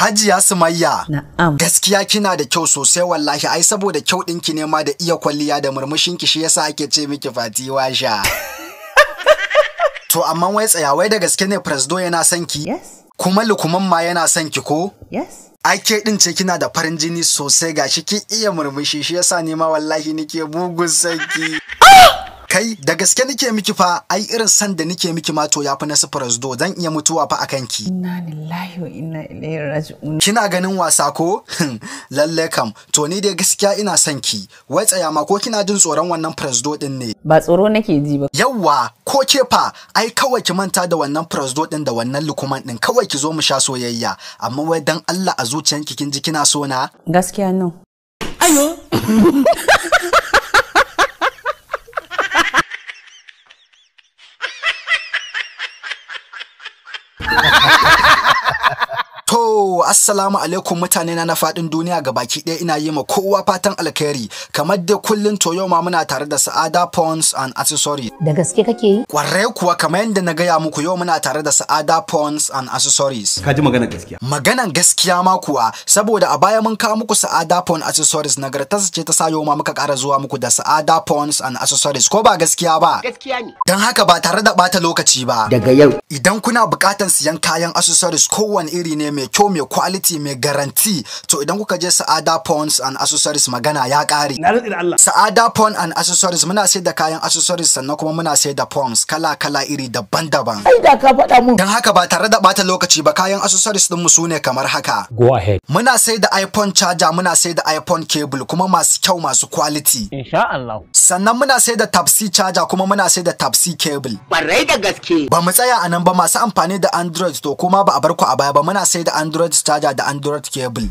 Hajiya Sumayya. Na'am. Gaskiya kina da kyau sosai wallahi ai saboda kyau ɗinki ne ma da iya kwalliya da murmushin ki shi yasa ake ce miki Fati Washa. to amma wai tsayawai da gaske ne Presdo yana son ki? Yes. Kuma lukuman ma yana son ki ko? Yes. ake ɗin ce kina da farin jini sosai gashi ki iya murmushi shi yasa ne ma wallahi nike bugun sanki kai da gaske nike miki fa ai irin san da nike miki ma to yafi na sifiras do zan iya mutuwa fa akan ki inna lillahi wa inna ilaihi raji'un kina ganin wasa ko lalle kam to ni dai gaskiya ina son ki wai tsaya ma ko kina jin tsoron wannan presdo din ne ba tsoro nake ji ba yawwa ko ke fa ai kawai ki manta da wannan presdo din da wannan lukuman din kawai ki zo mu sha soyayya amma wai dan Allah a zuciyanki kin ji kina so na gaskiya no ayo assalamu alaikum mutane na na faɗin duniya ga baki ɗaya ina yi ma kowa fatan alkhairi kamar da kullun to yau ma muna tare da Sa'ada Pons and Accessory. Da gaske kake yi? Kwarai kuwa kamar yadda na gaya muku yau muna tare da Sa'ada Pons and Accessories. Ka ji maganar gaskiya? Maganar gaskiya ma kuwa saboda a baya mun kawo muku Sa'ada Pons Accessories nagartarsa ce ta sa yau ma muka ƙara zuwa muku da Sa'ada Pons and Accessories ko ba gaskiya ba? Gaskiya ne. Don haka ba tare da ɓata lokaci ba. Daga yau. Idan kuna buƙatar siyan kayan accessories kowane iri ne mai kyau zato mai quality mai garanti to idan kuka je sa'ada pawns and accessories magana ya ƙare sa'ada pawn and accessories muna sai da kayan accessories sannan kuma muna sai da pawns kala kala iri daban-daban ai da ka faɗa mun dan haka ba tare da bata lokaci ba kayan accessories din mu sune kamar haka go ahead muna sai da iphone charger muna sai da iphone cable kuma masu kyau masu quality insha Allah sannan muna sai da type C charger kuma muna sai da type C cable barai da gaske ba mu tsaya a nan ba masu amfani da android to kuma ba a bar ku a baya ba muna sai da android android charger da android cable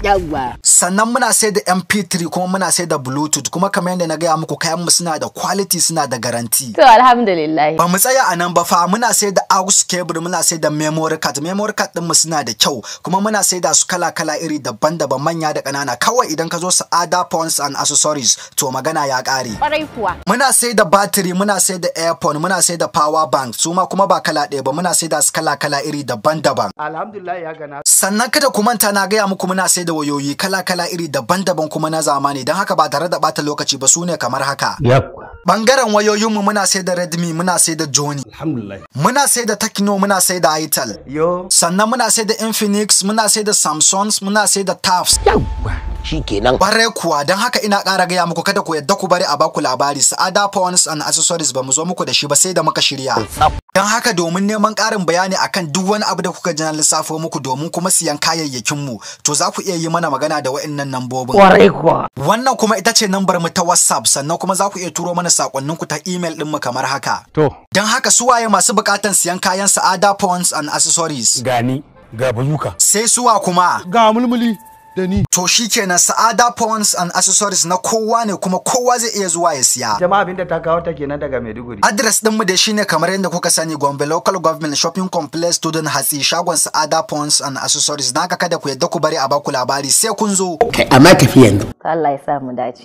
sannan muna sai da mp3 kuma muna sai da bluetooth kuma kamar yadda na gaya muku kayan mu suna da quality suna da garanti to alhamdulillah ba mu tsaya a nan ba fa muna sai da aux cable muna sai da memory card memory card din mu suna da kyau kuma muna sai da su kala kala iri daban-daban manya da kanana kawai idan ka zo su ada phones and accessories to magana ya kare kwarai kuwa muna sai da battery muna sai da airphone muna sai da power bank su ma kuma ba kala ɗaya ba muna sai da su kala kala iri daban-daban alhamdulillah ya gana sannan sannan kada ku manta na gaya muku muna sai da wayoyi kala-kala iri daban-daban kuma na zamani don haka ba tare da bata lokaci ba sune kamar haka. Bangaren wayoyinmu muna sai da Redmi muna sai da Joni. Muna sai da Tecno muna saida da Itel. Sannan muna sai da Infinix muna sai da Samsung muna saida da Tafs. shikenan bare kuwa don haka ina ƙara gaya muku kada ku yadda ku bari a baku labari sa'ada phones and accessories ba mu zo muku da shi ba sai da muka shirya don haka domin neman ƙarin bayani akan duk wani abu da kuka ji na lissafo muku domin kuma siyan kayayyakin mu to za ku iya yi mana magana da wa'annan nambobin wannan kuma ita ce nambar mu ta whatsapp sannan kuma za ku iya turo mana sakonnin ku ta email din mu kamar haka to don haka su waye masu buƙatan siyan kayan sa'ada phones and accessories gani ga bazuka sai suwa kuma ga da To shi kenan sa'ada Phones and accessories na kowa ne kuma kowa zai iya zuwa ya siya. Jama'a abinda ta kawo ta kenan daga Maiduguri. Address din mu da shine kamar yadda kuka sani Gombe Local Government Shopping Complex Student Hatsi shagon sa'ada Phones and accessories naka kada ku yadda ku bari a baku labari sai kun zo. Kai amma tafi yanzu. Allah ya sa mu dace.